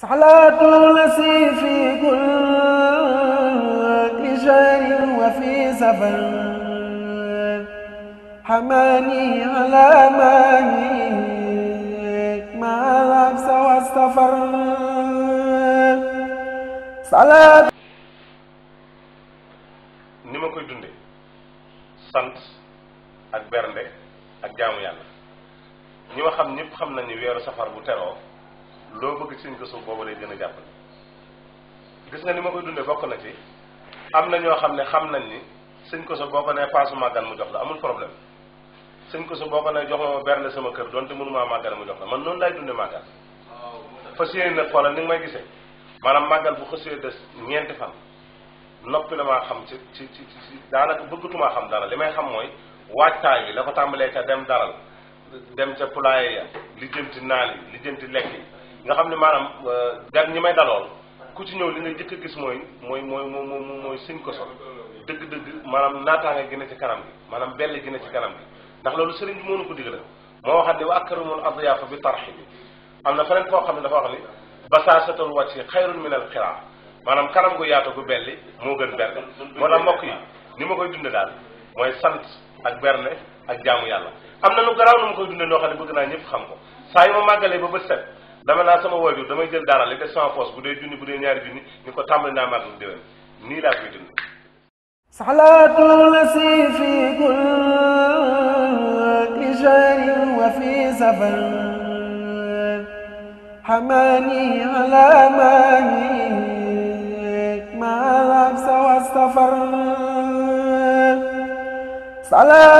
صلاه النسيم في كل شهر وفي سفر حماني على ماني مع لبس والسفر صلاة نيما كوي دوندي سانت اك بيرندي اك جامو نيما خام نيب سفر بو loo bëgg ci koso boobu lay gën a jàppale gis nga ni ma koy dundee bokk na ci am na ñoo xam ne xam nañ ni sëñ ko sa boo ko nee paasu màggal mu jox la amul problème sëñ ko sa boo ko nee jox ma bernde sama kër donte mënumaa màggal mu jox la man noonu laay dundee màggal fas yéene nag xoolal ni nga may gisee maanaam màggal bu xësee des ñeenti fan noppi la maa xam ci ci ci ci daanaka bëggatumaa xam dara li may xam mooy waajtaay bi la ko tàmbalee ca dem daral dem ca poulailler ya lijjanti naal yi lijjanti lekk yi nga xamni manam maanaam ñi may dalol ku ci ñëw li nga jëk gis moy moy moy moy moy seen ko so deug deug manam nata nga gëna ci kanam gi maanaam bell gi na ci kanam gi ndax lolu sëriñ bi mënu ko digal mo waxat ne wa akramul adyaafa bi tarxi amna fa len ko xamni dafa wax ni basasatul wàcci khairun min al xiraa manam kanam gu yaato gu belli mo gën berne mo la mbokk yi ni ma koy dund dal moy sant ak berne ak jaamu yàlla amna lu graw nu ma koy dund no xamni bëgg na ñëpp xam ko saa yu ma màggalee ba bët set dama naa sama waajur damay jël dara li def sama poos bu dee junni bu dee ñaari junni ñu ko tàmbali naa màggal déwén nii laa koy dund fi kulli shay'in wa fi safar